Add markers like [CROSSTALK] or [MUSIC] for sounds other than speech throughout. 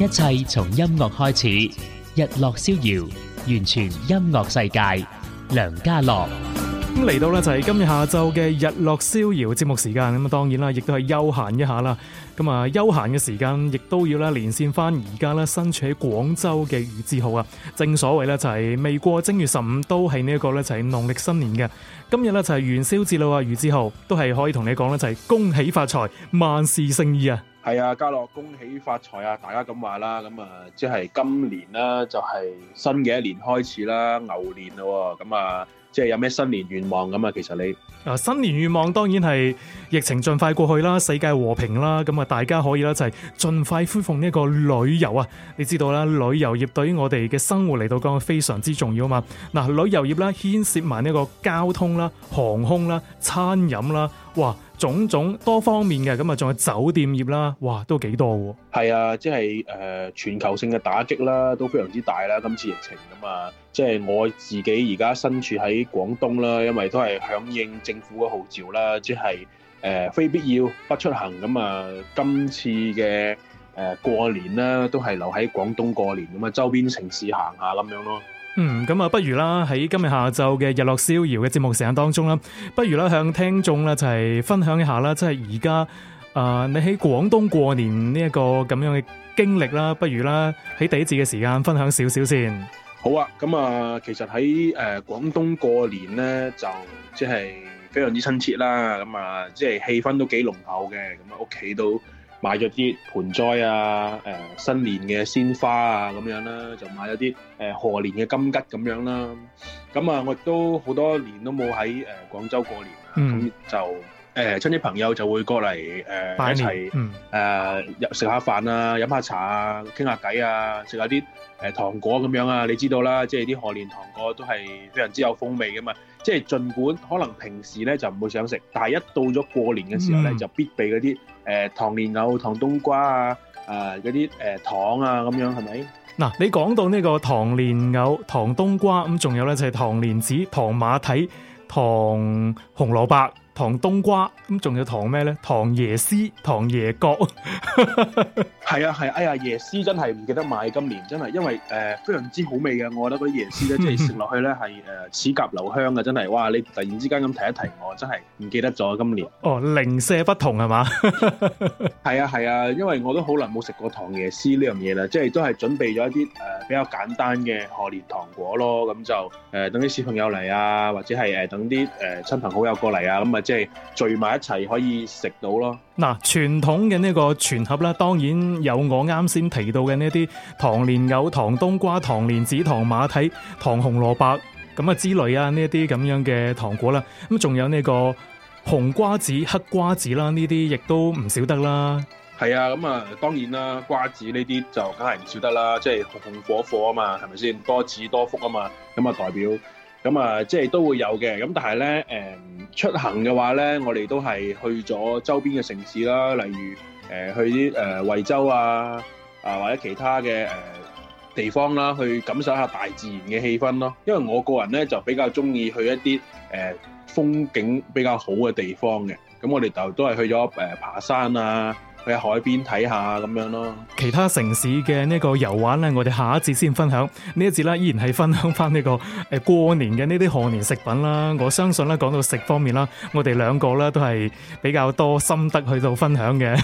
一切從音樂開始，日落逍遙，完全音樂世界。梁家樂。咁嚟到呢就係今日下晝嘅日落逍遙節目時間，咁啊當然啦，亦都係休閒一下啦。咁啊休閒嘅時間，亦都要咧連線翻而家咧身處喺廣州嘅余志豪啊。正所謂咧就係未過正月十五都係呢一個咧就係農曆新年嘅。今日咧就係元宵節啦，話余志豪都係可以同你講咧就係恭喜發財，萬事勝意啊！係啊，家樂恭喜發財啊！大家咁話啦，咁、嗯、啊，即係今年啦，就係、是、新嘅一年開始啦，牛年咯喎，咁、嗯、啊，即係有咩新年願望咁啊？其實你啊，新年願望當然係疫情盡快過去啦，世界和平啦，咁、嗯、啊，大家可以啦，就係、是、盡快恢復呢個旅遊啊！你知道啦，旅遊業對於我哋嘅生活嚟到講非常之重要啊嘛，嗱、呃，旅遊業啦，牽涉埋呢個交通啦、航空啦、餐飲啦，哇！種種多方面嘅咁啊，仲有酒店業啦，哇，都幾多喎。係啊，即係誒、呃，全球性嘅打擊啦，都非常之大啦。今次疫情咁啊，即係我自己而家身處喺廣東啦，因為都係響應政府嘅號召啦，即係誒、呃，非必要不出行咁啊。今次嘅誒、呃，過年啦，都係留喺廣東過年咁啊，周邊城市行下咁樣咯。嗯，咁啊，不如啦，喺今日下晝嘅日落逍遙嘅節目時間當中啦，不如啦向聽眾啦就係分享一下啦，即係而家啊，你喺廣東過年呢一個咁樣嘅經歷啦，不如啦喺第一節嘅時間分享少少先。好啊，咁、嗯、啊，其實喺誒廣東過年咧，就即係非常之親切啦，咁、嗯、啊，即係氣氛都幾濃厚嘅，咁啊屋企都。買咗啲盆栽啊，誒、呃、新年嘅鮮花啊咁樣啦、啊，就買咗啲誒賀年嘅金桔咁樣啦、啊。咁啊，我亦都好多年都冇喺誒廣州過年、啊，咁、嗯、就誒、呃、親戚朋友就會過嚟誒、呃嗯呃、一齊誒食下飯啊，飲下茶啊，傾下偈啊，食下啲誒、呃、糖果咁樣啊，你知道啦，即係啲賀年糖果都係非常之有風味嘅嘛。即係儘管可能平時咧就唔會想食，但係一到咗過年嘅時候咧、嗯、就必備嗰啲誒糖蓮藕、糖冬瓜啊、啊嗰啲誒糖啊咁樣係咪？嗱、啊，你講到呢個糖蓮藕、糖冬瓜，咁、嗯、仲有咧就係、是、糖蓮子、糖馬蹄、糖紅蘿蔔。糖冬瓜咁，仲有糖咩咧？糖椰絲、糖椰角，係 [LAUGHS] 啊係，哎呀、啊、椰絲真係唔記得買今年真，真係因為誒、呃、非常之好味嘅，我覺得嗰啲椰絲咧， [LAUGHS] 即係食落去咧係誒齒頰留香嘅，真係哇！你突然之間咁提一提我，真係唔記得咗今年哦，零舍不同係嘛？係 [LAUGHS] 啊係啊，因為我都好耐冇食過糖椰絲呢樣嘢啦，即係都係準備咗一啲誒、呃、比較簡單嘅賀年糖果咯，咁就誒、呃、等啲小朋友嚟，啊，或者係誒等啲誒親朋好友、友過嚟、嗯嗯、啊，咁啊。即係聚埋一齊可以食到咯。嗱、啊，傳統嘅呢個全盒啦，當然有我啱先提到嘅呢啲糖蓮藕、糖冬瓜、糖蓮子、糖馬蹄、糖紅蘿蔔咁啊之類啊，呢一啲咁樣嘅糖果啦。咁、嗯、仲有呢個紅瓜子、黑瓜子啦，呢啲亦都唔少得啦。係啊，咁啊當然啦，瓜子呢啲就梗係唔少得啦，即係紅紅火火啊嘛，係咪先？多子多福啊嘛，咁啊代表。咁啊、嗯，即係都會有嘅。咁但係咧，誒、嗯、出行嘅話咧，我哋都係去咗周邊嘅城市啦，例如誒、呃、去啲誒、呃、惠州啊啊或者其他嘅誒、呃、地方啦、啊，去感受一下大自然嘅氣氛咯。因為我個人咧就比較鍾意去一啲誒、呃、風景比較好嘅地方嘅。咁我哋就都係去咗誒爬山啊。去海邊睇下咁樣咯。其他城市嘅呢個遊玩咧，我哋下一節先分享。一節呢一節咧依然係分享翻呢個誒過年嘅呢啲賀年食品啦。我相信咧講到食方面啦，我哋兩個咧都係比較多心得去到分享嘅。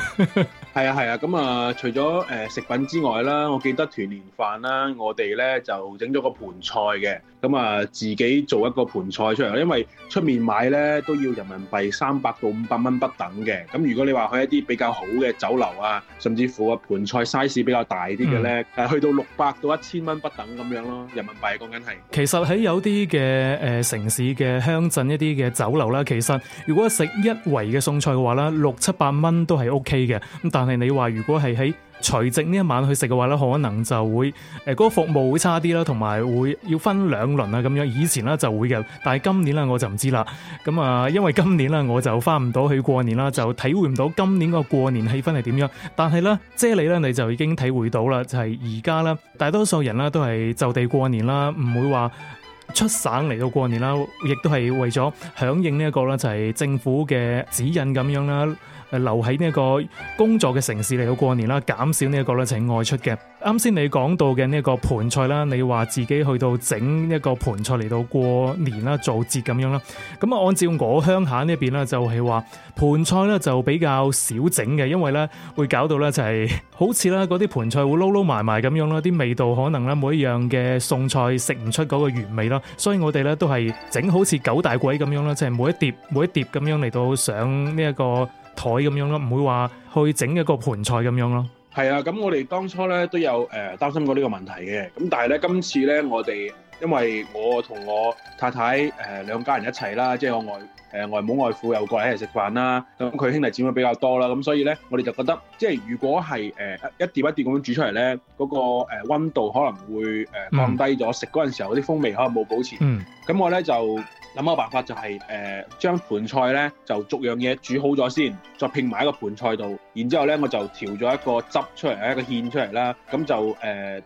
係啊係啊，咁啊除咗誒、呃、食品之外啦，我記得團年飯啦，我哋咧就整咗個盆菜嘅，咁啊自己做一個盆菜出嚟，因為出面買咧都要人民幣三百到五百蚊不等嘅。咁如果你話去一啲比較好酒樓啊，甚至乎個盤菜 size 比較大啲嘅咧，誒去到六百到一千蚊不等咁樣咯，人民幣講緊係。其實喺有啲嘅誒城市嘅鄉鎮一啲嘅酒樓啦，其實如果食一圍嘅餸菜嘅話咧，六七百蚊都係 OK 嘅。咁但係你話如果係喺除夕呢一晚去食嘅話咧，可能就會誒，嗰、呃、個服務會差啲啦，同埋會要分兩輪啊，咁樣以前咧就會嘅，但係今年咧我就唔知啦。咁啊，因為今年咧我就翻唔到去過年啦，就體會唔到今年個過年氣氛係點樣。但係咧，啫喱咧，你就已經體會到啦，就係而家咧，大多數人咧都係就地過年啦，唔會話出省嚟到過年啦，亦都係為咗響應呢一個啦，就係政府嘅指引咁樣啦。留喺呢一個工作嘅城市嚟到過年啦，減少呢一個咧，就係外出嘅。啱先你講到嘅呢一個盤菜啦，你話自己去到整一個盤菜嚟到過年啦、做節咁樣啦。咁啊，按照我鄉下呢邊啦，就係話盤菜咧就比較少整嘅，因為咧會搞到咧就係、是、好似啦嗰啲盤菜會撈撈埋埋咁樣啦，啲味道可能咧每一樣嘅餸菜食唔出嗰個原味啦。所以我哋咧都係整好似九大簋」咁樣啦，即係每一碟每一碟咁樣嚟到上呢、這、一個。台咁樣咯，唔會話去整一個盤菜咁樣咯。係啊，咁我哋當初咧都有誒擔、呃、心過呢個問題嘅。咁但係咧，今次咧我哋因為我同我太太誒兩、呃、家人一齊啦，即係我外誒、呃、外母外父又過嚟一齊食飯啦。咁、啊、佢兄弟姊妹比較多啦，咁、啊、所以咧我哋就覺得，即係如果係誒、呃、一碟一碟咁樣煮出嚟咧，嗰、嗰個誒溫、呃、度可能會誒、呃、降低咗，嗯、食嗰陣時候啲風味可能冇保持。嗯，咁、嗯、我咧就。諗個辦法就係、是、誒、呃、將盤菜咧就逐樣嘢煮好咗先，再拼埋一個盤菜度。然之後咧我就調咗一個汁出嚟，一個芡出嚟啦。咁就誒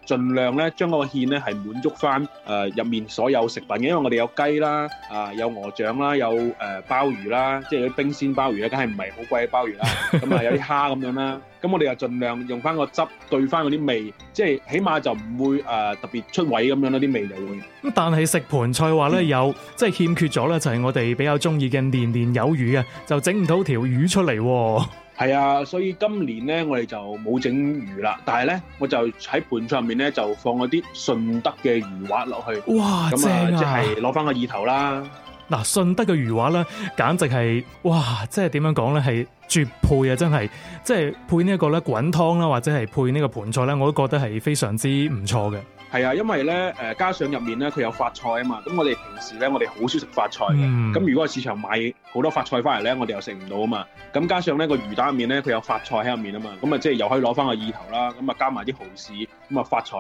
盡、呃、量咧將嗰個芡咧係滿足翻誒入面所有食品嘅，因為我哋有雞啦，啊有鵝掌啦，有誒鮑、呃、魚啦，即係啲冰鮮鮑魚咧，梗係唔係好貴嘅鮑魚啦。咁啊 [LAUGHS] 有啲蝦咁樣啦。咁我哋又盡量用翻個汁對翻嗰啲味，即係起碼就唔會誒、呃、特別出位咁樣咯，啲味就會。咁但係食盤菜話咧有即係芡。缺咗咧，就係我哋比較中意嘅年年有魚嘅，就整唔到條魚出嚟，哦。係啊，所以今年咧，我哋就冇整魚啦。但係咧，我就喺盤菜入面咧，就放嗰啲順德嘅魚滑落去。哇，咁啊！即係攞翻個意頭啦。嗱，順德嘅魚滑咧，簡直係哇，即係點樣講咧，係絕配啊！真係，即係配呢一個咧滾湯啦，或者係配個盤呢個盤菜咧，我都覺得係非常之唔錯嘅。係啊，因為咧誒、呃，加上入面咧佢有發菜啊嘛，咁我哋平時咧，我哋好少食發菜嘅，咁、嗯、如果喺市場買好多發菜翻嚟咧，我哋又食唔到啊嘛，咁加上呢個魚蛋麵咧佢有發菜喺入面啊嘛，咁啊即係又可以攞翻個意頭啦，咁啊加埋啲蠔豉，咁啊發菜、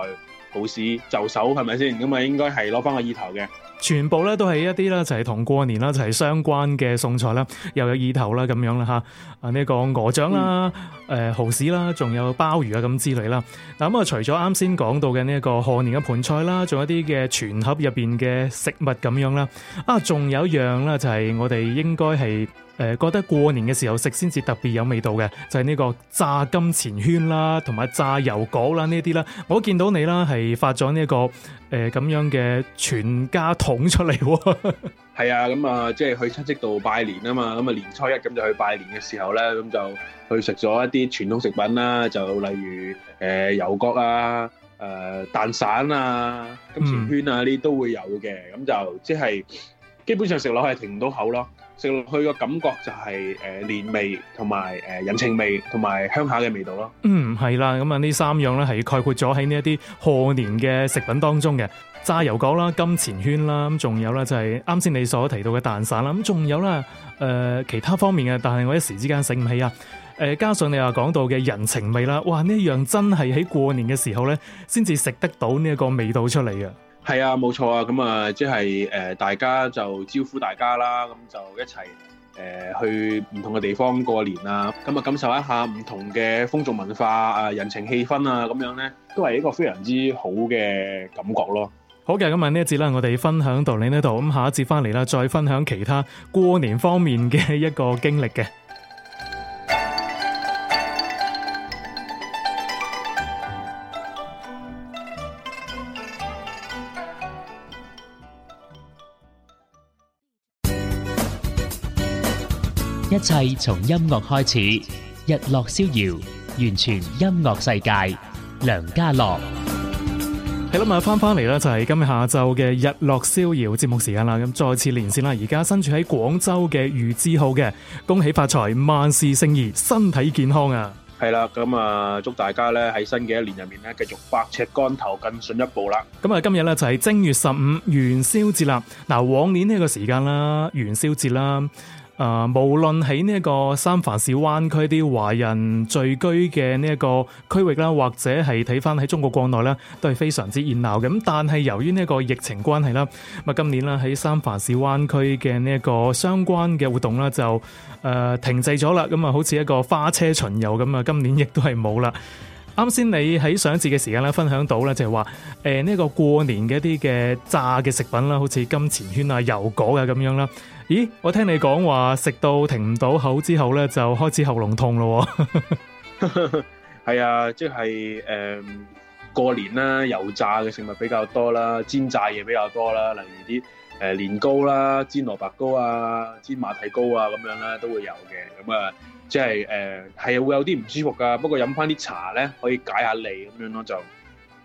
蠔豉就手係咪先？咁啊應該係攞翻個意頭嘅。全部咧都係一啲咧就係、是、同過年啦，就係、是、相關嘅餸菜啦，又有意頭啦咁樣啦嚇，啊呢、這個鵝掌啦。嗯誒蠔豉啦，仲有鮑魚啊咁之類啦。嗱咁啊，除咗啱先講到嘅呢一個賀年嘅盤菜啦，仲有一啲嘅全盒入邊嘅食物咁樣啦。啊，仲有一樣啦，就係、是、我哋應該係誒、呃、覺得過年嘅時候食先至特別有味道嘅，就係、是、呢個炸金錢圈啦，同埋炸油果啦呢啲啦。我見到你啦，係發咗呢一個誒咁、呃、樣嘅全家桶出嚟，喔。係啊，咁、嗯、啊，即係去親戚度拜年啊嘛，咁、嗯、啊年初一咁就去拜年嘅時候咧，咁就去食咗一啲傳統食品啦，就例如誒、呃、油角啊、誒、呃、蛋散啊、金錢圈啊呢啲都會有嘅，咁就即係基本上食落係停唔到口咯，食落去個感覺就係誒年味同埋誒人情味同埋鄉下嘅味道咯。嗯，係啦，咁啊呢三樣咧係概括咗喺呢一啲賀年嘅食品當中嘅。炸油果啦、金錢圈啦，咁仲有咧就係啱先你所提到嘅蛋散啦，咁仲有咧誒其他方面嘅，但係我一時之間醒唔起啊！誒，加上你又講到嘅人情味啦，哇！呢一樣真係喺過年嘅時候咧，先至食得到呢一個味道出嚟啊！係啊，冇錯啊，咁啊，即係誒大家就招呼大家啦，咁就一齊誒去唔同嘅地方過年啊，咁啊感受一下唔同嘅風俗文化啊、人情氣氛啊，咁樣咧都係一個非常之好嘅感覺咯～好嘅，今日呢一節啦，我哋分享到你呢度，咁下一節翻嚟，啦，再分享其他過年方面嘅一個經歷嘅。一切從音樂開始，日樂逍遙，完全音樂世界，梁家樂。係啦，咁啊翻翻嚟啦，就係今日下晝嘅日樂逍遙節目時間啦。咁再次連線啦，而家身處喺廣州嘅余志浩嘅，恭喜發財，萬事勝意，身體健康啊！係啦，咁啊祝大家咧喺新嘅一年入面咧繼續百尺竿頭更進一步啦。咁啊今日咧就係正月十五元宵節啦。嗱，往年呢個時間啦，元宵節啦。啊、呃，無論喺呢一個三藩市灣區啲華人聚居嘅呢一個區域啦，或者係睇翻喺中國國內咧，都係非常之熱鬧嘅。咁但係由於呢一個疫情關係啦，咁啊今年啦喺三藩市灣區嘅呢一個相關嘅活動啦，就、呃、誒停滯咗啦。咁啊，好似一個花車巡遊咁啊，今年亦都係冇啦。啱先你喺上節嘅時間咧，分享到咧就係話，誒呢個過年嘅一啲嘅炸嘅食品啦，好似金錢圈啊、油果啊咁樣啦。咦，我聽你講話食到停唔到口之後咧，就開始喉嚨痛咯。係啊，即係誒過年啦，油炸嘅食物比較多啦，煎炸嘢比較多啦，例如啲誒年糕啦、煎蘿蔔糕啊、煎馬蹄糕啊咁樣啦，都會有嘅。咁啊～即係誒，係會有啲唔舒服噶，不過飲翻啲茶咧，可以解下脷咁樣咯，就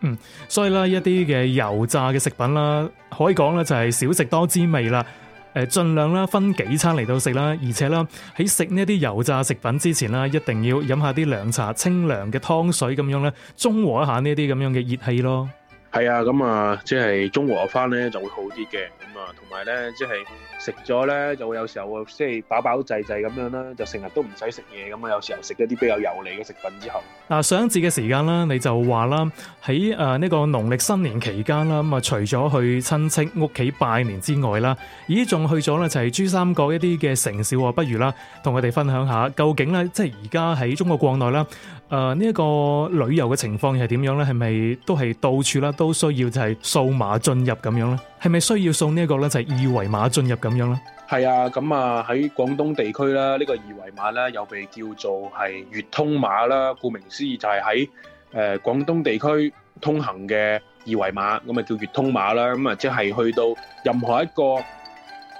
嗯，所以啦，一啲嘅油炸嘅食品啦，可以講咧就係少食多滋味啦，誒，盡量啦分幾餐嚟到食啦，而且啦喺食呢啲油炸食品之前啦，一定要飲下啲涼茶、清涼嘅湯水咁樣咧，中和一下呢啲咁樣嘅熱氣咯。係啊，咁啊，即係中和翻咧就會好啲嘅，咁啊，同埋咧即係食咗咧就會有時候即係飽飽滯滯咁樣啦，就成日都唔使食嘢咁啊，有時候食一啲比較油膩嘅食品之後。嗱，上一次嘅時間啦，你就話啦，喺誒呢個農曆新年期間啦，咁啊除咗去親戚屋企拜年之外啦，咦仲去咗咧就係珠三角一啲嘅城市喎，不如啦，同我哋分享下究竟咧即係而家喺中國國內啦。誒，呢一個旅遊嘅情況係點樣咧？係咪都係到處啦，都需要就係掃碼進入咁樣咧？係咪需要送呢一個咧？就係二維碼進入咁樣咧？係啊，咁啊喺廣東地區啦，呢個二維碼咧又被叫做係粵通碼啦。顧名思義就係喺誒廣東地區通行嘅二維碼，咁啊叫粵通碼啦。咁啊即係去到任何一個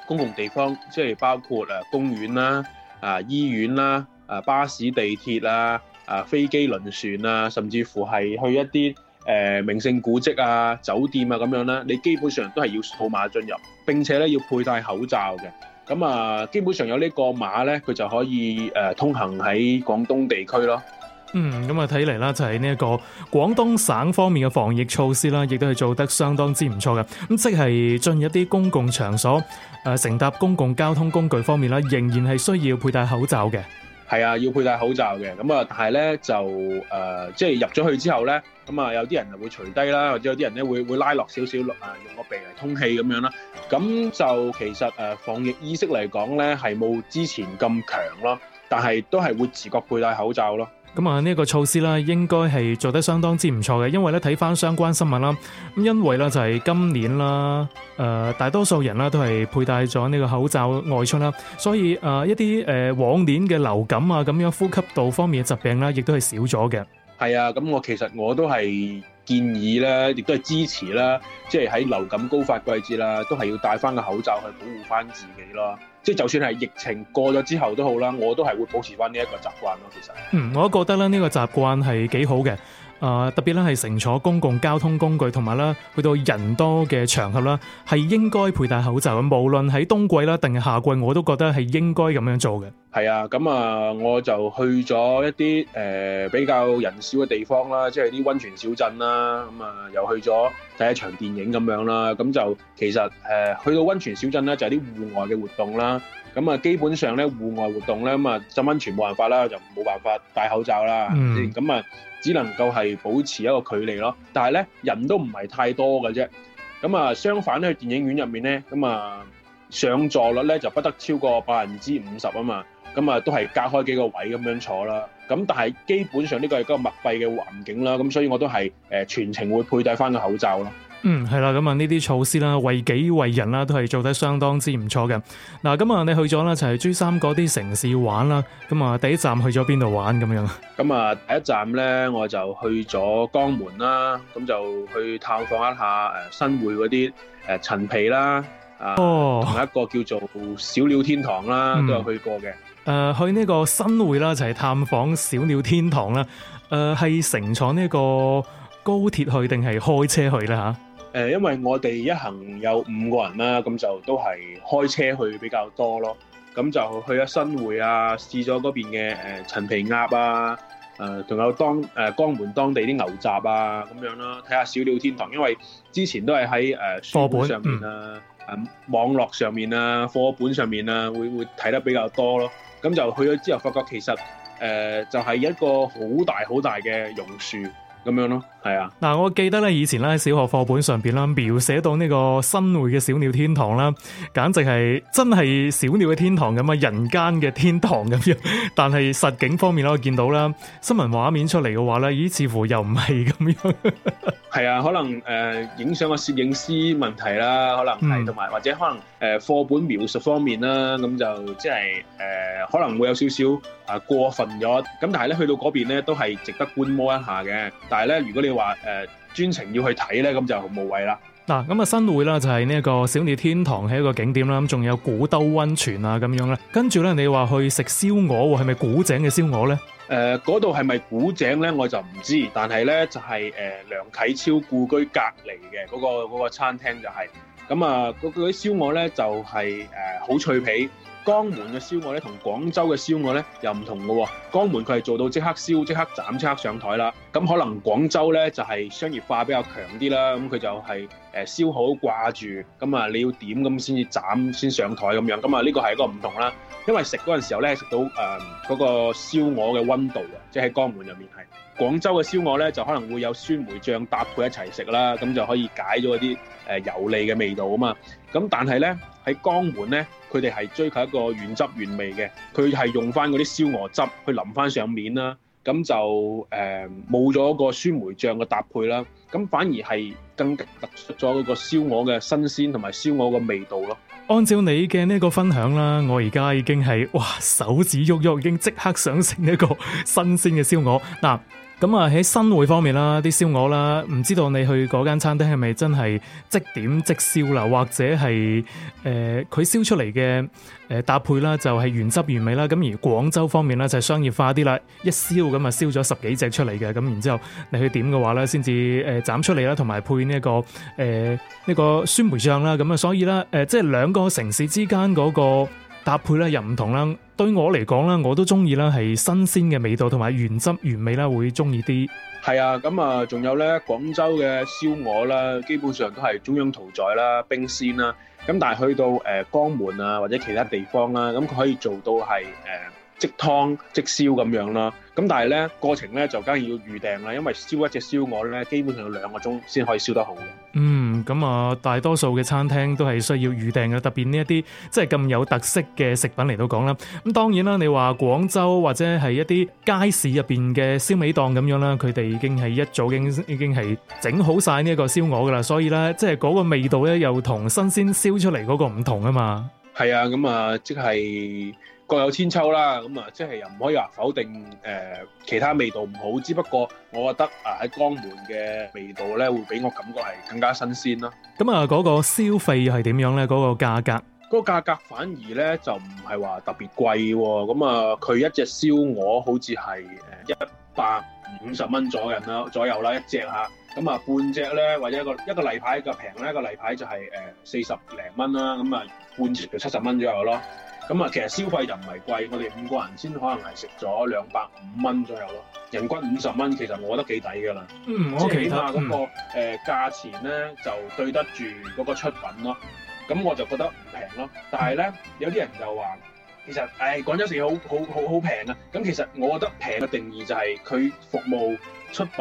公共地方，即係包括誒公園啦、啊醫院啦、啊巴士、地鐵啦。啊，飛機、輪船啊，甚至乎係去一啲誒名勝古蹟啊、酒店啊咁樣啦，你基本上都係要掃碼進入，並且咧要佩戴口罩嘅。咁啊，基本上有呢個碼咧，佢就可以誒通行喺廣東地區咯。嗯，咁啊睇嚟啦，就係呢一個廣東省方面嘅防疫措施啦，亦都係做得相當之唔錯嘅。咁即係進入一啲公共場所、誒乘搭公共交通工具方面啦，仍然係需要佩戴口罩嘅。係啊，要佩戴口罩嘅，咁啊，但係咧就誒、呃，即係入咗去之後咧，咁、嗯、啊有啲人就會除低啦，或者有啲人咧會會拉落少少落啊，用個鼻嚟通氣咁樣啦。咁就其實誒、呃、防疫意識嚟講咧係冇之前咁強咯，但係都係會自覺佩戴口罩咯。咁啊，呢一個措施啦，應該係做得相當之唔錯嘅，因為咧睇翻相關新聞啦，咁因為咧就係今年啦，誒，大多數人啦都係佩戴咗呢個口罩外出啦，所以誒一啲誒往年嘅流感啊咁樣呼吸道方面嘅疾病啦，亦都係少咗嘅。係啊，咁我其實我都係建議啦，亦都係支持啦，即係喺流感高發季節啦，都係要戴翻個口罩去保護翻自己咯。即就算係疫情過咗之後都好啦，我都係會保持翻呢一個習慣咯。其實，嗯，我都覺得咧呢個習慣係幾好嘅。啊，特別咧係乘坐公共交通工具，同埋咧去到人多嘅場合啦，係應該佩戴口罩。無論喺冬季啦定係夏季，我都覺得係應該咁樣做嘅。係啊，咁啊，我就去咗一啲誒比較人少嘅地方啦，即係啲温泉小鎮啦。咁啊，又去咗睇一場電影咁樣啦。咁就其實誒去到温泉小鎮咧，就係啲戶外嘅活動啦。咁啊，基本上咧戶外活動咧，咁啊浸温泉冇辦法啦，就冇辦法戴口罩啦。嗯，咁啊。只能夠係保持一個距離咯，但係咧人都唔係太多嘅啫。咁啊相反咧，去電影院入面咧，咁、嗯、啊上座率咧就不得超過百分之五十啊嘛。咁、嗯、啊都係隔開幾個位咁樣坐啦。咁但係基本上呢個係一個密閉嘅環境啦。咁、嗯、所以我都係誒、呃、全程會佩戴翻個口罩咯。嗯，係啦，咁啊呢啲措施啦，為己為人啦，都係做得相當之唔錯嘅。嗱，咁啊你去咗啦，就係、是、珠三角啲城市玩啦。咁啊，第一站去咗邊度玩咁樣？咁啊，第一站咧，我就去咗江門啦，咁就去探訪一下誒、呃、新會嗰啲誒陳皮啦，啊、呃、同、哦、一個叫做小鳥天堂啦，都有去過嘅。誒、嗯呃，去呢個新會啦，就係、是、探訪小鳥天堂啦。誒、呃，係乘坐呢個高鐵去定係開車去啦？吓、啊？誒，因為我哋一行有五個人啦，咁就都係開車去比較多咯。咁就去咗新會啊，試咗嗰邊嘅陳皮鴨啊，誒、呃，仲有當誒、呃、江門當地啲牛雜啊咁樣啦、啊。睇下小鳥天堂，因為之前都係喺誒書本上面啦、啊，誒網絡上面啦、啊，課本上面啦、啊啊，會會睇得比較多咯。咁就去咗之後，發覺其實誒、呃、就係、是、一個好大好大嘅榕樹咁樣咯、啊。係啊，嗱，我記得咧以前咧喺小學課本上邊啦，描寫到呢個新會嘅小鳥天堂啦，簡直係真係小鳥嘅天堂咁啊，人間嘅天堂咁樣。但係實景方面咧，我見到啦，新聞畫面出嚟嘅話咧，咦，似乎又唔係咁樣。係啊，可能誒、呃、影相嘅攝影師問題啦，可能係同埋或者可能誒課本描述方面啦，咁就即係誒可能會有少少啊過分咗。咁但係咧去到嗰邊咧都係值得觀摩一下嘅。但係咧如果你，話誒，專、呃、程要去睇咧，咁就無謂啦。嗱、啊，咁啊新會啦，就係呢一個小鳥天堂係一個景點啦。咁仲有古兜温泉啊，咁樣啦。跟住咧，你話去食燒鵝，係咪古井嘅燒鵝咧？誒、呃，嗰度係咪古井咧？我就唔知。但係咧，就係、是、誒、呃、梁啟超故居隔籬嘅嗰個、那個餐廳就係、是。咁、那、啊、個，嗰嗰啲燒鵝咧就係誒好脆皮。江門嘅燒鵝咧，同廣州嘅燒鵝咧又唔同嘅喎、哦。江門佢係做到即刻燒，即刻斬，即刻，即刻上台啦。咁、嗯、可能廣州咧就係、是、商業化比較強啲啦。咁、嗯、佢就係誒燒好掛住，咁、嗯、啊你要點咁先至斬，先上台咁樣。咁啊呢個係一個唔同啦。因為食嗰陣時候咧食到誒嗰、嗯那個燒鵝嘅温度啊，即係江門入面係廣州嘅燒鵝咧就可能會有酸梅醬搭配一齊食啦，咁、嗯、就可以解咗一啲誒、呃、油膩嘅味道啊嘛。嗯咁但係呢，喺江門呢，佢哋係追求一個原汁原味嘅，佢係用翻嗰啲燒鵝汁去淋翻上面啦，咁就誒冇咗個酸梅醬嘅搭配啦，咁反而係更突出咗嗰個燒鵝嘅新鮮同埋燒鵝嘅味道咯。按照你嘅呢個分享啦，我而家已經係哇手指喐喐，已經即刻想食一個新鮮嘅燒鵝嗱。咁啊喺新會方面啦，啲燒鵝啦，唔知道你去嗰間餐廳係咪真係即點即燒啦，或者係誒佢燒出嚟嘅誒搭配啦，就係原汁原味啦。咁而廣州方面咧就係商業化啲啦，一燒咁啊燒咗十幾隻出嚟嘅，咁然之後你去點嘅話咧，先至誒斬出嚟啦，同埋配呢、這、一個誒呢、呃這個酸梅醬啦。咁啊，所以咧誒、呃、即係兩個城市之間嗰、那個。搭配咧又唔同啦，對我嚟講咧，我都中意啦，係新鮮嘅味道同埋原汁原味啦，會中意啲。係啊，咁啊，仲有咧廣州嘅燒鵝啦，基本上都係中央屠宰啦，冰鮮啦。咁但係去到誒、呃、江門啊或者其他地方啦，咁佢可以做到係誒。呃即湯即燒咁樣啦，咁但係呢，過程呢就梗係要預訂啦，因為燒一隻燒鵝呢，基本上要兩個鐘先可以燒得好嘅。嗯，咁啊，大多數嘅餐廳都係需要預訂嘅，特別呢一啲即係咁有特色嘅食品嚟到講啦。咁當然啦，你話廣州或者係一啲街市入邊嘅燒味檔咁樣啦，佢哋已經係一早已經已經係整好晒呢一個燒鵝噶啦，所以呢即係嗰個味道呢又同新鮮燒出嚟嗰個唔同啊嘛。係啊，咁啊即係。各有千秋啦，咁啊，即係又唔可以話否定誒、呃、其他味道唔好，只不過我覺得啊喺、呃、江門嘅味道咧會俾我感覺係更加新鮮啦。咁啊，嗰、嗰個消費係點樣咧？嗰、嗰個價格，嗰個價格反而咧就唔係話特別貴喎。咁啊，佢、啊、一隻燒鵝好似係誒一百五十蚊左右啦，左右啦一隻吓。咁啊，半隻咧或者一個一個例牌較平咧，一個例牌就係誒四十零蚊啦。咁啊，半隻就七十蚊左右咯。咁啊，嗯、其實消費就唔係貴，我哋五個人先可能係食咗兩百五蚊左右咯，人均五十蚊，其實我覺得幾抵㗎啦。嗯，我覺得，即係起碼嗰、嗰個誒、呃、價錢咧就對得住嗰個出品咯。咁我就覺得唔平咯。但係咧，有啲人就話，其實誒廣州市好好好好平啊。咁其實我覺得平嘅定義就係佢服務、出品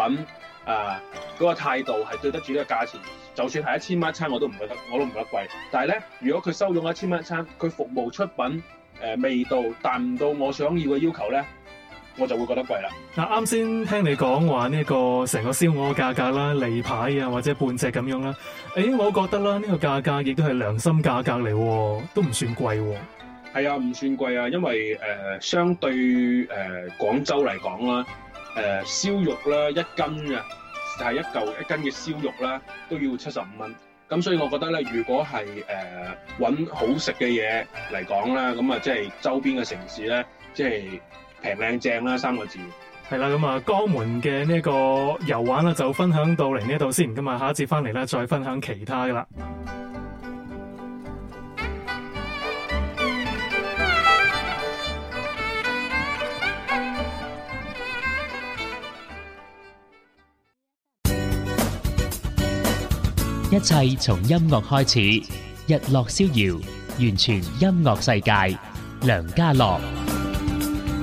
啊嗰、呃嗰個態度係對得住呢個價錢。就算係一千蚊一餐我都唔覺得，我都唔覺得貴。但係咧，如果佢收咗一千蚊一餐，佢服務出品誒、呃、味道達唔到我想要嘅要求咧，我就會覺得貴啦。嗱、啊，啱先聽你講話呢個成個燒鵝價格啦、例牌啊或者半隻咁樣啦，誒，我覺得啦呢、這個價格亦都係良心價格嚟喎、啊，都唔算貴喎。係啊，唔、啊、算貴啊，因為誒、呃、相對誒、呃、廣州嚟講啦，誒、呃、燒肉啦，一斤嘅。係一嚿一斤嘅燒肉啦，都要七十五蚊。咁所以我覺得咧，如果係誒搵好食嘅嘢嚟講啦，咁啊即係周邊嘅城市咧，即係平靚正啦三個字。係啦，咁啊江門嘅呢個遊玩啦，就分享到嚟呢度先。咁啊，下一節翻嚟咧，再分享其他噶啦。一切從音樂開始，日落逍遙，完全音樂世界。梁家樂，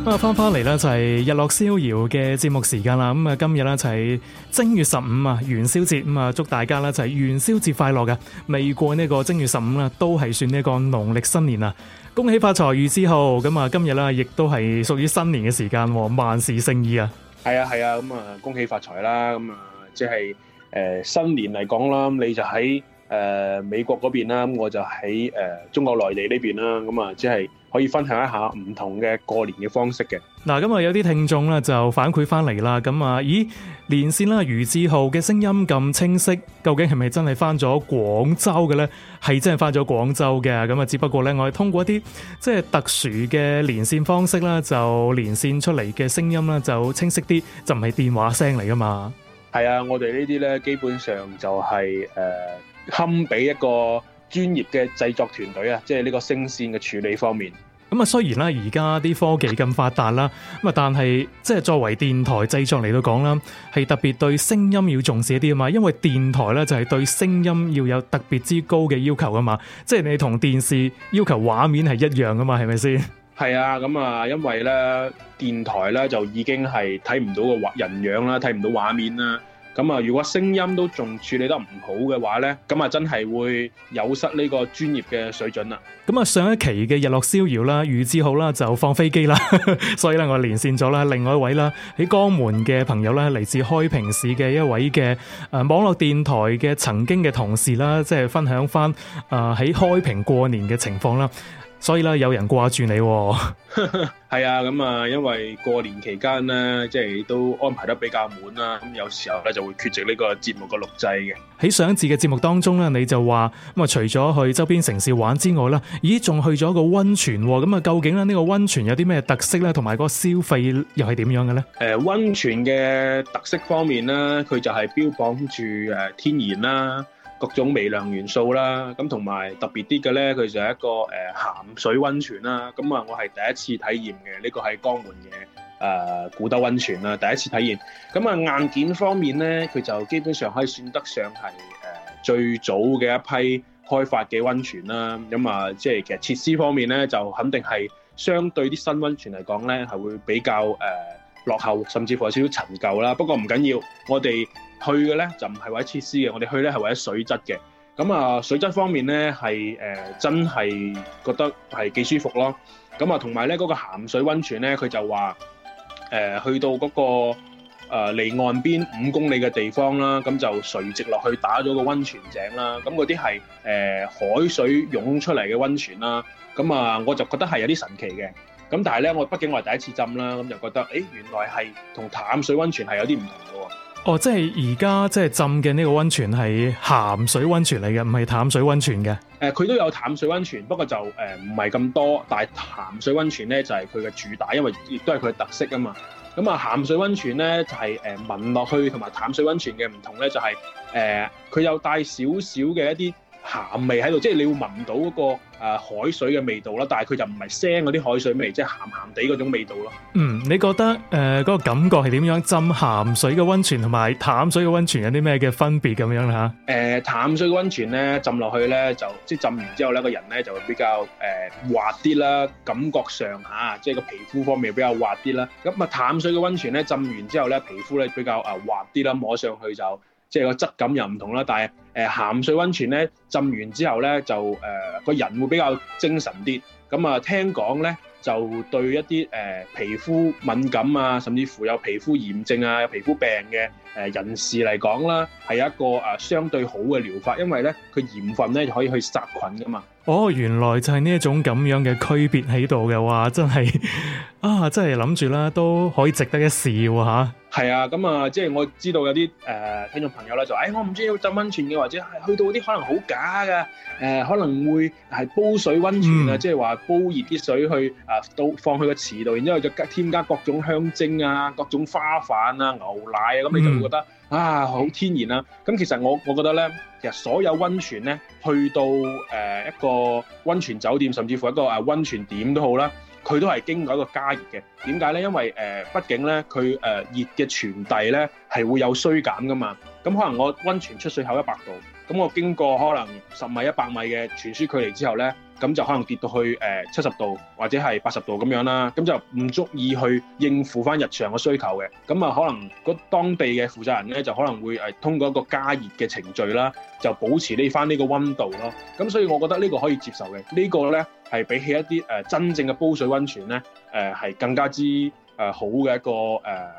啊翻返嚟啦，就係日落逍遙嘅節目時間啦。咁啊今日咧就係正月十五啊元宵節，咁啊祝大家咧就係元宵節快樂嘅。未過呢個正月十五啦，都係算呢個農曆新年啊！恭喜發財與之後，咁啊今日咧亦都係屬於新年嘅時間，萬事勝意啊！係啊係啊，咁啊恭喜發財啦，咁啊即係。誒、呃、新年嚟講啦，你就喺誒、呃、美國嗰邊啦，我就喺誒、呃、中國內地呢邊啦，咁啊，即係可以分享一下唔同嘅過年嘅方式嘅。嗱、啊，咁啊有啲聽眾呢就反饋翻嚟啦，咁啊，咦，連線啦，余志浩嘅聲音咁清晰，究竟係咪真係翻咗廣州嘅呢？係真係翻咗廣州嘅，咁啊，只不過呢，我哋通過一啲即係特殊嘅連線方式啦，就連線出嚟嘅聲音啦，就清晰啲，就唔係電話聲嚟㗎嘛。係啊，我哋呢啲呢，基本上就係誒堪比一個專業嘅製作團隊啊，即係呢個聲線嘅處理方面。咁啊，雖然啦，而家啲科技咁發達啦，咁啊，但係即係作為電台製作嚟到講啦，係特別對聲音要重視一啲啊嘛，因為電台呢，就係對聲音要有特別之高嘅要求啊嘛，即係你同電視要求畫面係一樣啊嘛，係咪先？係啊，咁啊，因為咧，電台咧就已經係睇唔到個畫人樣啦，睇唔到畫面啦。咁啊，如果聲音都仲處理得唔好嘅話咧，咁啊，真係會有失呢個專業嘅水準啦。咁啊，上一期嘅日落逍遙啦，預知好啦，就放飛機啦。 [LAUGHS] 所以咧，我連線咗啦，另外一位啦，喺江門嘅朋友啦，嚟自開平市嘅一位嘅誒，網絡電台嘅曾經嘅同事啦，即係分享翻誒喺開平過年嘅情況啦。所以咧，有人掛住你，係啊，咁啊，因為過年期間咧，即係都安排得比較滿啦，咁有時候咧就會缺席呢個節目個錄製嘅。喺上一次嘅節目當中咧，你就話咁啊，除咗去周邊城市玩之外啦，咦，仲去咗個溫泉、哦，咁啊，究竟咧呢、呢個溫泉有啲咩特色咧，同埋嗰個消費又係點樣嘅咧？誒、呃，溫泉嘅特色方面咧，佢就係標榜住誒、呃、天然啦。各種微量元素啦，咁同埋特別啲嘅咧，佢就係一個誒、呃、鹹水溫泉啦。咁啊，我係第一次體驗嘅，呢、這個係江門嘅誒、呃、古兜溫泉啦，第一次體驗。咁、嗯、啊，硬件方面咧，佢就基本上可以算得上係誒、呃、最早嘅一批開發嘅溫泉啦。咁啊、嗯、啊，即係其實設施方面咧，就肯定係相對啲新溫泉嚟講咧，係會比較誒、呃、落後，甚至乎有少少陳舊啦。不過唔緊要，我哋。去嘅咧就唔係為咗設施嘅，我哋去咧係為咗水質嘅。咁啊，水質方面咧係誒真係覺得係幾舒服咯。咁啊，同埋咧嗰個鹹水温泉咧，佢就話誒、呃、去到嗰、嗰個誒、呃、離岸邊五公里嘅地方啦，咁就垂直落去打咗個温泉井啦。咁嗰啲係誒海水湧出嚟嘅温泉啦。咁啊，我就覺得係有啲神奇嘅。咁但係咧，我畢竟我係第一次浸啦，咁就覺得誒原來係同淡水温泉係有啲唔同嘅喎。哦，即係而家即係浸嘅呢個温泉係鹹水温泉嚟嘅，唔係淡水温泉嘅。誒、呃，佢都有淡水温泉，不過就誒唔係咁多。但係鹹水温泉咧就係佢嘅主打，因為亦都係佢特色啊嘛。咁、嗯、啊，呃、鹹水温泉咧就係、係、誒、呃、聞落去同埋淡水温泉嘅唔同咧，就係誒佢有帶少少嘅一啲鹹味喺度，即係你會聞到嗰、那個、呃、海水嘅味道啦，但係佢就唔係腥嗰啲海水味，即係鹹鹹地嗰種味道咯。嗯，你覺得誒嗰、呃那個感覺係點樣？浸鹹水嘅温泉同埋淡水嘅温泉有啲咩嘅分別咁樣啦？嚇、呃、淡水嘅温泉咧浸落去咧就即係浸完之後咧個人咧就會比較誒、呃、滑啲啦，感覺上嚇、啊、即係個皮膚方面比較滑啲啦。咁啊，淡水嘅温泉咧浸完之後咧皮膚咧比較啊、呃、滑啲啦，摸上去就。即係個質感又唔同啦，但係誒鹹水温泉咧浸完之後咧就誒個、呃、人會比較精神啲。咁、嗯、啊聽講咧就對一啲誒、呃、皮膚敏感啊，甚至乎有皮膚炎症啊、有皮膚病嘅誒人士嚟講啦，係一個啊、呃、相對好嘅療法，因為咧佢鹽分咧就可以去殺菌噶嘛。哦，原來就係呢一種咁樣嘅區別喺度嘅話，真係啊，真係諗住啦，都可以值得一試喎、啊。係啊，咁、嗯、啊，即係我知道有啲誒、呃、聽眾朋友咧，就誒我唔中意浸温泉嘅，或者係去到啲可能好假嘅，誒、呃、可能會係煲水温泉啊，嗯、即係話煲熱啲水去啊，到、呃、放去個池度，然之後就添加各種香精啊、各種花瓣啊、牛奶啊，咁你就會覺得、嗯、啊，好天然啊。咁、嗯、其實我我覺得咧，其實所有温泉咧，去到誒、呃、一個温泉酒店，甚至乎一個啊温泉點都好啦。佢都係經過一個加熱嘅，點解咧？因為誒、呃，畢竟咧，佢誒、呃、熱嘅傳遞咧係會有衰減㗎嘛。咁可能我温泉出水口一百度。咁我經過可能十米、一百米嘅傳輸距離之後咧，咁就可能跌到去誒七十度或者係八十度咁樣啦，咁就唔足以去應付翻日常嘅需求嘅。咁啊，可能個當地嘅負責人咧，就可能會誒通過一個加熱嘅程序啦，就保持呢翻呢個温度咯。咁所以我覺得呢個可以接受嘅，這個、呢個咧係比起一啲誒真正嘅煲水温泉咧，誒、呃、係更加之誒好嘅一個誒、呃、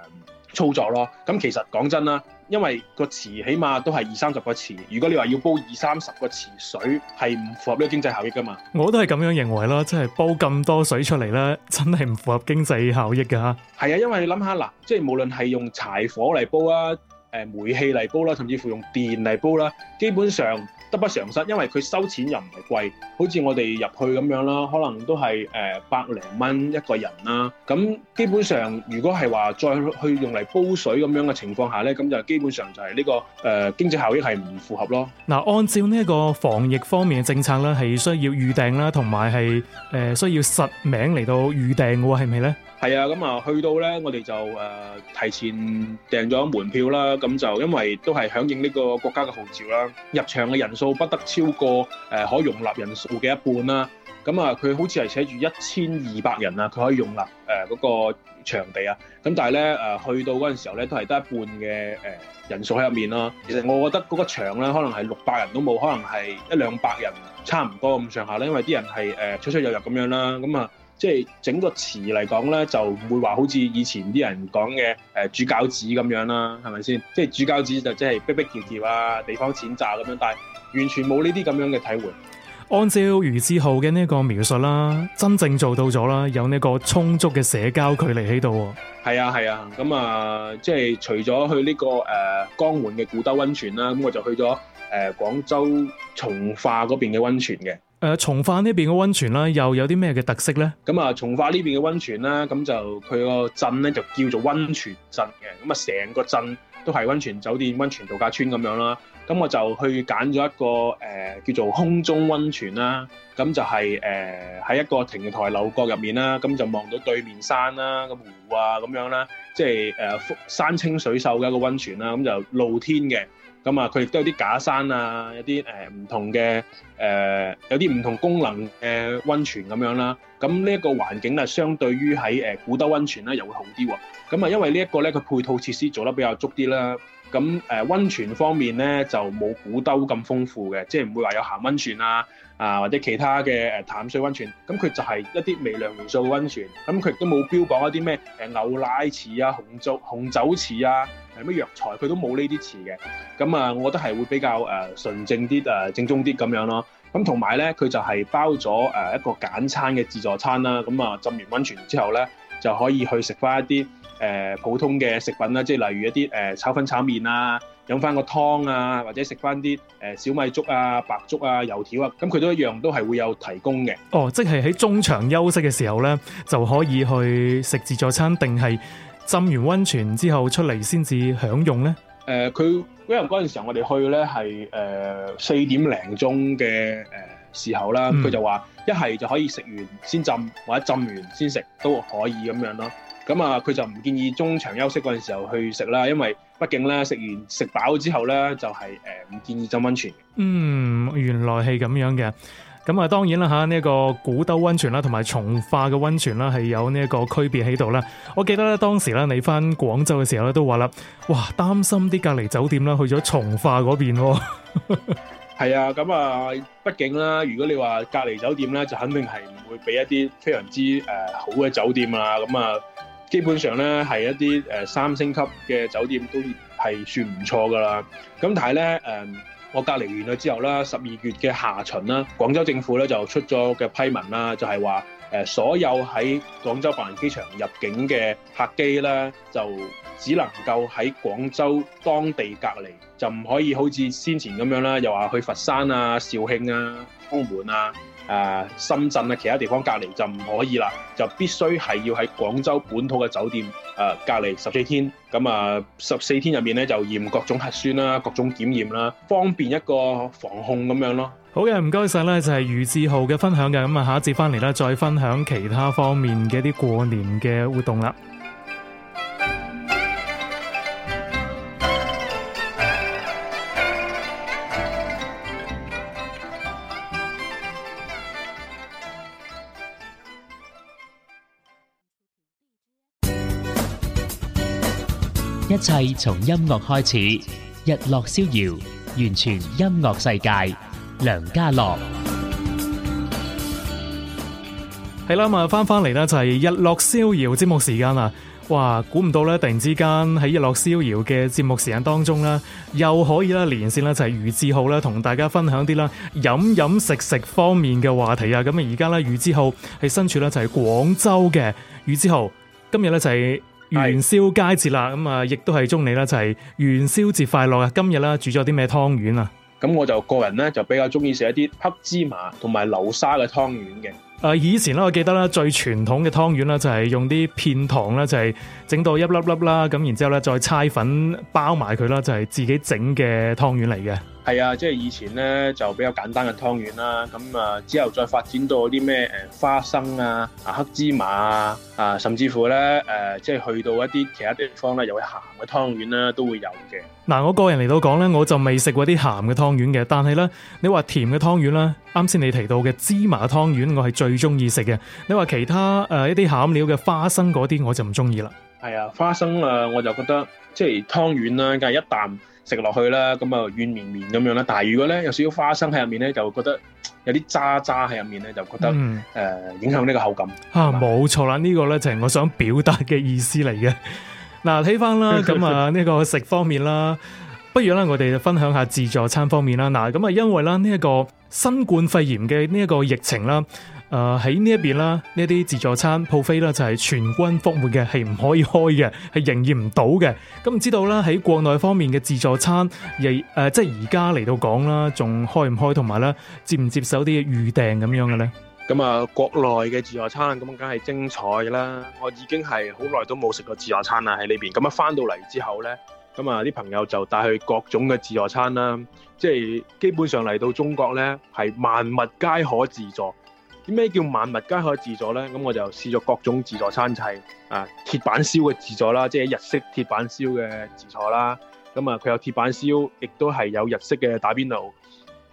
操作咯。咁其實講真啦～因為個池起碼都係二三十個池，如果你話要煲二三十個池水，係唔符合呢個經濟效益㗎嘛？我都係咁樣認為啦，即係煲咁多水出嚟咧，真係唔符合經濟效益㗎吓。係啊，因為你諗下嗱，即係無論係用柴火嚟煲啊。誒煤氣嚟煲啦，甚至乎用電嚟煲啦，基本上得不償失，因為佢收錢又唔係貴，好似我哋入去咁樣啦，可能都係誒、呃、百零蚊一個人啦。咁基本上，如果係話再去用嚟煲水咁樣嘅情況下呢，咁就基本上就係呢個誒、呃、經濟效益係唔符合咯。嗱，按照呢一個防疫方面嘅政策咧，係需要預訂啦，同埋係誒需要實名嚟到預訂嘅喎，係咪呢？係啊，咁啊，去到咧，我哋就誒、呃、提前訂咗門票啦。咁就因為都係響應呢個國家嘅號召啦，入場嘅人數不得超過誒、呃、可容納人數嘅一半啦。咁、嗯、啊，佢好似係寫住一千二百人啊，佢可以容納誒嗰、呃那個場地啊。咁但係咧誒，去到嗰陣時候咧，都係得一半嘅誒人數喺入面啦。其實我覺得嗰個場咧，可能係六百人都冇，可能係一兩百人差唔多咁上下啦。因為啲人係誒、呃、出出入入咁樣啦，咁、嗯、啊。即係整個詞嚟講咧，就唔會話好似以前啲人講嘅誒煮餃子咁樣啦，係咪先？即係煮餃子就即係逼逼貼貼啊，地方淺窄咁樣，但係完全冇呢啲咁樣嘅體會。按照余志浩嘅呢一個描述啦、啊，真正做到咗啦，有呢個充足嘅社交距離喺度喎。係啊，係啊，咁啊，即係除咗去呢、這個誒、呃、江門嘅古兜温泉啦、啊，咁我就去咗誒、呃、廣州從化嗰邊嘅温泉嘅。誒，呃、從化呢邊嘅温泉啦，又有啲咩嘅特色咧？咁啊、嗯，從化呢邊嘅温泉啦，咁就佢個鎮咧就叫做温泉鎮嘅，咁啊成個鎮都係温泉酒店、温泉度假村咁樣啦。咁我就去揀咗一個誒、呃、叫做空中温泉啦，咁就係誒喺一個亭台樓閣入面啦，咁就望到對面山啦、個湖啊咁樣啦，即係誒、呃、山清水秀嘅一個温泉啦，咁就露天嘅。咁啊，佢亦都有啲假山啊，有啲誒唔同嘅誒、呃，有啲唔同功能嘅温泉咁樣啦、啊。咁、嗯這個、呢一個環境咧，相對於喺誒古兜温泉咧，又會好啲喎、啊。咁、嗯、啊，因為呢一個咧，佢配套設施做得比較足啲啦、啊。咁、嗯、誒、呃，温泉方面咧，就冇古兜咁豐富嘅，即係唔會話有鹹温泉啊，啊或者其他嘅誒淡水温泉。咁、嗯、佢就係一啲微量元素嘅温泉。咁佢亦都冇標榜一啲咩誒牛奶池啊、紅酒紅酒池啊。係咩藥材佢都冇呢啲詞嘅，咁、嗯、啊，我覺得係會比較誒、呃、純正啲、誒正宗啲咁樣咯。咁同埋咧，佢就係包咗誒一個簡餐嘅自助餐啦。咁、嗯、啊，浸完温泉之後咧，就可以去食翻一啲誒、呃、普通嘅食品啦，即係例如一啲誒、呃、炒粉炒麵啊，飲翻個湯啊，或者食翻啲誒小米粥啊、白粥啊、油條啊，咁、嗯、佢都一樣都係會有提供嘅。哦，即係喺中場休息嘅時候咧，就可以去食自助餐定係？浸完温泉之後出嚟先至享用呢？誒、呃，佢因為嗰陣時候我哋去呢係誒四點零鐘嘅誒時候啦，佢、嗯、就話一係就可以食完先浸，或者浸完先食都可以咁樣咯。咁啊，佢、呃、就唔建議中場休息嗰陣時候去食啦，因為畢竟呢食完食飽之後呢，就係誒唔建議浸温泉。嗯，原來係咁樣嘅。咁啊，當然啦，嚇，呢、這、一個古兜溫泉啦，同埋從化嘅溫泉啦，係有呢一個區別喺度啦。我記得咧，當時咧你返廣州嘅時候咧，都話啦，哇，擔心啲隔離酒店啦，去咗從化嗰邊喎。係啊，咁、嗯、啊，畢竟啦，如果你話隔離酒店咧，就肯定係唔會俾一啲非常之誒、呃、好嘅酒店啊。咁、嗯、啊，基本上咧係一啲誒、呃、三星級嘅酒店都係算唔錯噶啦。咁、嗯、但係咧誒。嗯我隔離完咗之後啦，十二月嘅下旬啦，廣州政府咧就出咗嘅批文啦，就係話誒所有喺廣州白雲機場入境嘅客機咧，就只能夠喺廣州當地隔離，就唔可以好似先前咁樣啦，又話去佛山啊、肇慶啊、東莞啊。誒、啊、深圳啊，其他地方隔離就唔可以啦，就必須係要喺廣州本土嘅酒店誒、啊、隔離十四天。咁啊，十四天入面咧就驗各種核酸啦，各種檢驗啦，方便一個防控咁樣咯。好嘅，唔該晒咧，就係、是、余志豪嘅分享嘅。咁啊，下一節翻嚟啦，再分享其他方面嘅一啲過年嘅活動啦。一切從音樂開始，日落逍遙，完全音樂世界。梁家樂，係啦。咁啊，翻翻嚟啦，就係日落逍遙節目時間啦。哇，估唔到咧，突然之間喺日落逍遙嘅節目時間當中咧，又可以啦連線啦，就係余志浩啦，同大家分享啲啦飲飲食食方面嘅話題啊。咁啊，而家咧余志浩係身處咧就係廣州嘅余志浩，今日咧就係、是。元宵佳節啦，咁、嗯、啊，亦都係祝你啦，就係、是、元宵節快樂啊！今日啦，煮咗啲咩湯圓啊？咁我就個人咧，就比較中意食一啲黑芝麻同埋流沙嘅湯圓嘅。誒，以前咧，我記得咧，最傳統嘅湯圓咧，就係、是、用啲片糖咧，就係、是。整到一粒粒啦，咁然之後咧，再猜粉包埋佢啦，就係、是、自己整嘅湯圓嚟嘅。係啊，即係以前呢，就比較簡單嘅湯圓啦，咁啊之後再發展到啲咩誒花生啊、黑芝麻啊，啊甚至乎呢，誒、啊、即係去到一啲其他地方咧，有鹹嘅湯圓啦、啊，都會有嘅。嗱、啊，我個人嚟到講呢，我就未食過啲鹹嘅湯圓嘅，但係呢，你話甜嘅湯圓啦，啱先你提到嘅芝麻湯圓我係最中意食嘅。你話其他誒、呃、一啲餡料嘅花生嗰啲我就唔中意啦。係啊，花生啊，我就覺得即係湯圓啦，梗係一啖食落去啦，咁啊軟綿綿咁樣啦。但係如果咧有少少花生喺入面咧，就覺得有啲渣渣喺入面咧，就覺得誒、嗯呃、影響呢個口感。啊，冇錯啦，呢、這個咧就係我想表達嘅意思嚟嘅。嗱 [LAUGHS] 了，睇翻啦，咁啊呢個食方面啦，不如咧我哋就分享下自助餐方面啦。嗱，咁啊因為啦，呢一個新冠肺炎嘅呢一個疫情啦。誒喺、呃、呢一邊啦，呢啲自助餐鋪飛啦，就係、是、全軍覆沒嘅，係唔可以開嘅，係營業唔到嘅。咁唔知道啦，喺國內方面嘅自助餐，而誒、呃、即係而家嚟到講啦，仲開唔開，同埋咧接唔接受啲預訂咁樣嘅咧？咁啊、嗯，國內嘅自助餐咁梗係精彩啦。我已經係好耐都冇食過自助餐啦喺呢邊咁啊，翻到嚟之後咧，咁啊啲朋友就帶去各種嘅自助餐啦，即係基本上嚟到中國咧係萬物皆可自助。咩叫萬物皆可自助咧？咁我就試咗各種自助餐砌，就係、啊鐵板燒嘅自助啦，即係日式鐵板燒嘅自助啦。咁、嗯、啊，佢有鐵板燒，亦都係有日式嘅打邊爐。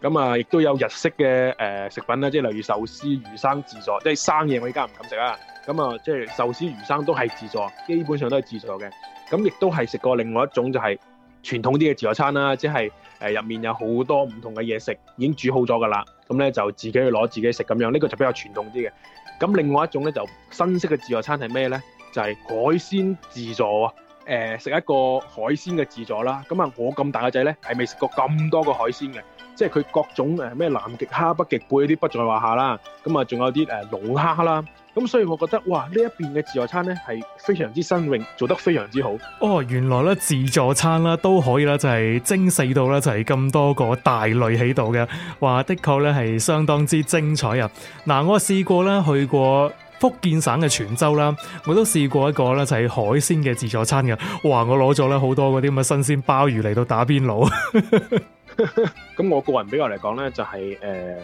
咁、嗯、啊，亦、嗯、都有日式嘅誒、呃、食品啦，即係例如壽司、魚生自助，即係生嘢我而家唔敢食啊。咁、嗯、啊、嗯，即係壽司、魚生都係自助，基本上都係自助嘅。咁、嗯、亦都係食過另外一種就係傳統啲嘅自助餐啦，即係誒入面有好多唔同嘅嘢食，已經煮好咗㗎啦。咁咧就自己去攞自己食咁樣，呢個就比較傳統啲嘅。咁另外一種咧就新式嘅自助餐係咩咧？就係、是、海鮮自助啊！誒、呃，食一個海鮮嘅自助啦。咁啊，嗯、我咁大個仔咧係未食過咁多個海鮮嘅，即係佢各種誒咩、呃、南極蝦、北極貝啲不在話下啦。咁啊，仲、嗯、有啲誒、呃、龍蝦啦。咁所以我覺得哇，呢一邊嘅自助餐呢係非常之新穎，做得非常之好。哦，原來呢自助餐啦都可以啦，就係精細到呢，就係咁多個大類喺度嘅，哇，的確呢係相當之精彩啊！嗱、啊，我試過啦，去過福建省嘅泉州啦，我都試過一個呢，就係海鮮嘅自助餐嘅，哇！我攞咗呢好多嗰啲咁嘅新鮮鮑魚嚟到打邊爐。 [LAUGHS] 咁 [LAUGHS] 我個人比較嚟講呢，就係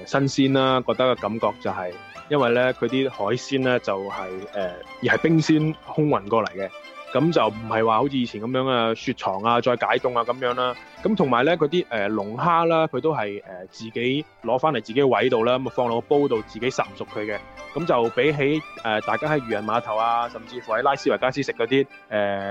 誒新鮮啦，覺得個感覺就係、是，因為呢，佢啲海鮮呢、就是，就係誒而係冰鮮空運過嚟嘅。咁就唔係話好似以前咁樣嘅雪藏啊，再解凍啊咁樣啦、啊。咁同埋咧，嗰啲誒龍蝦啦，佢都係誒、呃、自己攞翻嚟自己嘅位度啦，咁啊放落個煲度自己熟熟佢嘅。咁就比起誒、呃、大家喺漁人碼頭啊，甚至乎喺拉斯維加斯食嗰啲誒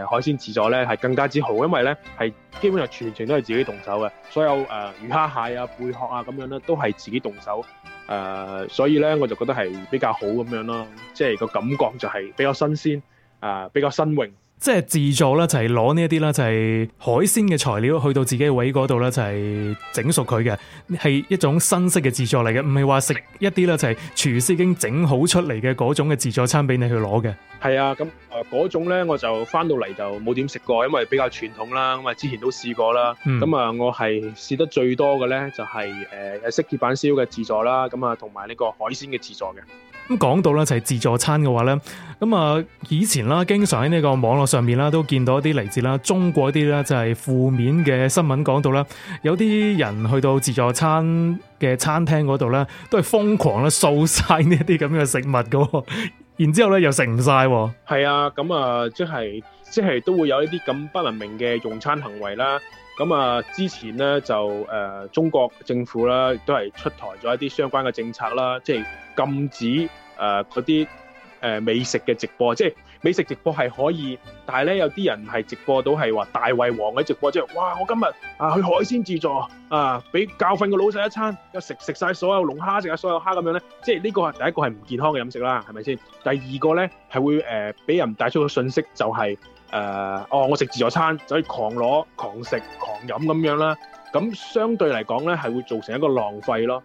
海鮮自助咧，係更加之好，因為咧係基本上全程都係自己動手嘅，所有誒、呃、魚蝦蟹啊、貝殼啊咁樣咧都係自己動手誒、呃，所以咧我就覺得係比較好咁樣咯，即係個感覺就係比較新鮮啊，比較新穎。即係自助啦，就係、是、攞呢一啲啦，就係、是、海鮮嘅材料去到自己嘅位嗰度啦，就係、是、整熟佢嘅，係一種新式嘅自助嚟嘅，唔係話食一啲啦，就係、是、廚師已經整好出嚟嘅嗰種嘅自助餐俾你去攞嘅。係啊，咁啊嗰種咧，我就翻到嚟就冇點食過，因為比較傳統啦。咁啊，之前都試過啦。咁啊、嗯，我係試得最多嘅咧，就係、是、誒，日式、呃、鐵板燒嘅自助啦。咁啊，同埋呢個海鮮嘅自助嘅。咁講到咧，就係、是、自助餐嘅話咧。咁啊，以前啦，經常喺呢個網絡上面啦，都見到一啲嚟自啦中國一啲咧，就係負面嘅新聞，講到咧，有啲人去到自助餐嘅餐廳嗰度咧，都係瘋狂咧掃晒呢一啲咁嘅食物㗎，然之後咧又食唔晒，係啊，咁啊，即係即係都會有一啲咁不文明嘅用餐行為啦。咁啊，之前咧就誒、呃，中國政府啦，亦都係出台咗一啲相關嘅政策啦，即係禁止誒嗰啲。呃誒美食嘅直播，即係美食直播係可以，但係咧有啲人係直播到係話大胃王嘅直播，即係哇！我今日啊去海鮮自助啊，俾教訓個老細一餐，又食食曬所有龍蝦，食曬所有蝦咁樣咧，即係呢、呢個係第一個係唔健康嘅飲食啦，係咪先？第二個咧係會誒俾、呃、人帶出個訊息、就係，就係誒哦，我食自助餐，所以狂攞、狂食、狂飲咁樣啦。咁相對嚟講咧，係會造成一個浪費咯。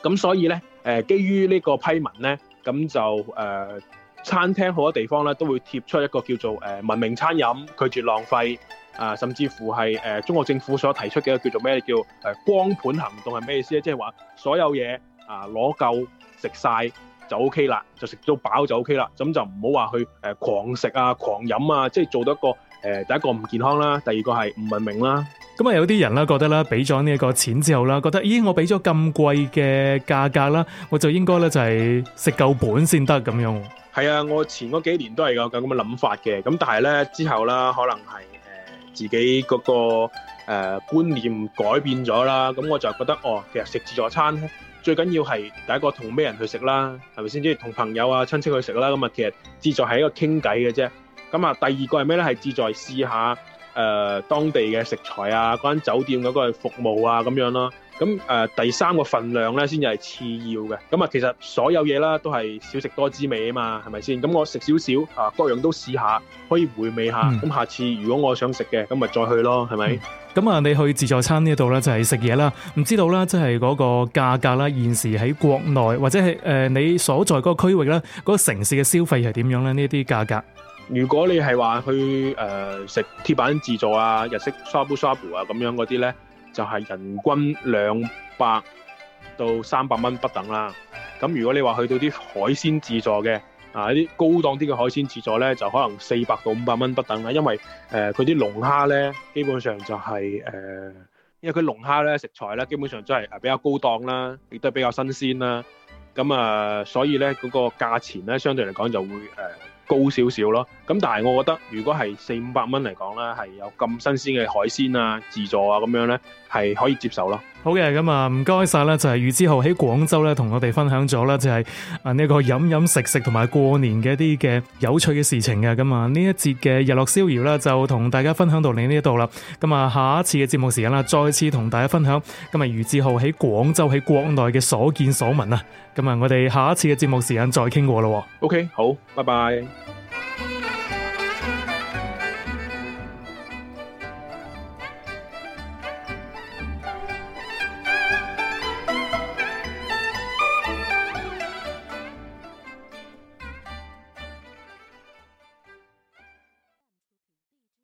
咁所以咧誒、呃，基於呢個批文咧。咁就誒、呃、餐廳好多地方咧，都會貼出一個叫做誒、呃、文明餐飲，拒絕浪費啊、呃，甚至乎係誒、呃、中國政府所提出嘅一個叫做咩叫誒、呃、光盤行動係咩意思咧？即係話所有嘢啊攞夠食晒就 O K 啦，就食到飽就 O K 啦，咁就唔好話去誒、呃、狂食啊、狂飲啊，即係做到一個誒、呃、第一個唔健康啦，第二個係唔文明啦。咁啊，有啲人啦，覺得啦，俾咗呢個錢之後啦，覺得，咦，我俾咗咁貴嘅價格啦，我就應該咧就係食夠本先得咁樣。係啊，我前嗰幾年都係有咁嘅諗法嘅。咁但係咧之後啦，可能係誒、呃、自己嗰、那個誒、呃、觀念改變咗啦。咁、嗯、我就覺得，哦，其實食自助餐咧，最緊要係第一個同咩人去食啦，係咪先？即係同朋友啊、親戚去食啦。咁、嗯、啊，其實自助係一個傾偈嘅啫。咁、嗯、啊，第二個係咩咧？係自助試下。誒、呃、當地嘅食材啊，嗰間酒店嗰個服務啊，咁樣咯。咁、呃、誒第三個份量呢，先至係次要嘅。咁啊，其實所有嘢啦，都係少食多滋味啊嘛，係咪先？咁我食少少啊，各樣都試下，可以回味下。咁、嗯、下次如果我想食嘅，咁咪再去咯，係咪？咁啊、嗯，你去自助餐呢度呢，就係食嘢啦。唔知道啦，即係嗰個價格啦。現時喺國內或者係誒、呃、你所在嗰個區域咧，嗰、嗰個城市嘅消費係點樣呢？呢啲價格。如果你係話去誒、呃、食鐵板自助啊、日式沙煲沙煲啊咁樣嗰啲咧，就係、是、人均兩百到三百蚊不等啦。咁如果你話去到啲海鮮自助嘅啊，啲高檔啲嘅海鮮自助咧，就可能四百到五百蚊不等啦。因為誒佢啲龍蝦咧，基本上就係、是、誒、呃，因為佢龍蝦咧食材咧，基本上都係啊比較高檔啦，亦都係比較新鮮啦。咁啊、呃，所以咧嗰、那個價錢咧，相對嚟講就會誒、呃高少少咯，咁但係我覺得，如果係四五百蚊嚟講咧，係有咁新鮮嘅海鮮啊、自助啊咁樣咧，係可以接受咯。好嘅，咁啊，唔該晒啦，就係余志浩喺廣州咧，同我哋分享咗啦，就係啊呢個飲飲食食同埋過年嘅一啲嘅有趣嘅事情嘅，咁啊，呢一節嘅日樂逍遙啦，就同大家分享到你呢度啦，咁啊下一次嘅節目時間啦，再次同大家分享，咁啊余志浩喺廣州喺國內嘅所見所聞啊，咁啊我哋下一次嘅節目時間再傾過咯，OK，好，拜拜。